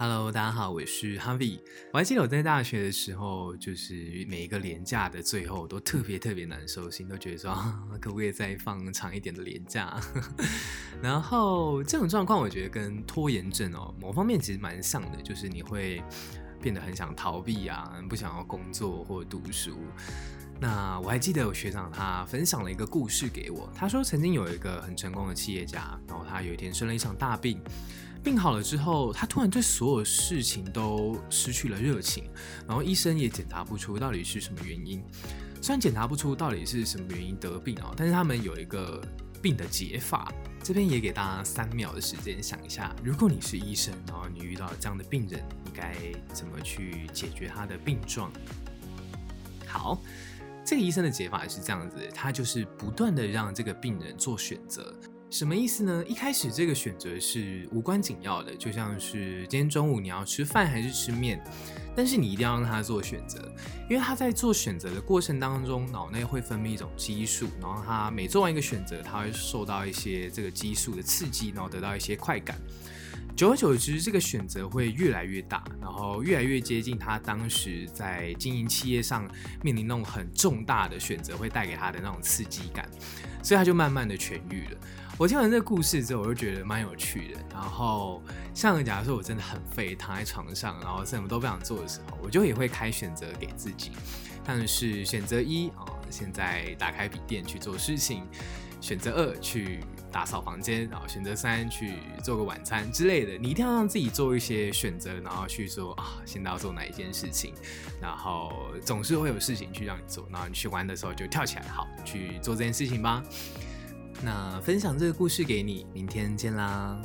Hello，大家好，我是 Harvie。我還記得我在大學的時候，就是每一個連假的最後都特別特別難受，心都覺得說可不可以再放長一點的連假。 然後這種狀況，我覺得跟拖延症哦、喔，某方面其實蠻像的，就是你會變得很想逃避啊，不想要工作或讀書。那我還記得有學長他分享了一個故事給我，他說曾經有一個很成功的企業家，然後他有一天生了一場大病。病好了之後，他突然對所有事情都失去了熱情，然後醫生也檢查不出到底是什麼原因。雖然檢查不出到底是什麼原因得病哦，但是他們有一個病的解法。這邊也給大家三秒的時間想一下，如果你是醫生，然後你遇到這樣的病人，你該怎麼去解決他的病狀？好，這個醫生的解法是這樣子，他就是不斷的讓這個病人做選擇。什麼意思呢？一開始這個選擇是無關緊要的，就像是今天中午你要吃飯還是吃麵，但是你一定要讓他做選擇，因為他在做選擇的過程當中，腦內會分泌一種激素，然後他每做完一個選擇，他會受到一些這個激素的刺激，然後得到一些快感。久而久之，這個選擇會越來越大，然後越來越接近他當時在經營企業上面臨那種很重大的選擇，會帶給他的那種刺激感，所以他就慢慢的痊癒了。我聽完這個故事之後，我就覺得蠻有趣的。然後，像假如說我真的很廢，躺在床上，然後什麼都不想做的時候，我就也會開選擇給自己。但是選擇一啊、哦，現在打開筆電去做事情；選擇二去，打掃房間，然後選擇三去做個晚餐之類的，你一定要讓自己做一些選擇，然後去說啊，現在要做哪一件事情，然後總是會有事情去讓你做，然後你去玩的時候就跳起來，好，去做這件事情吧。那分享這個故事給你，明天見啦。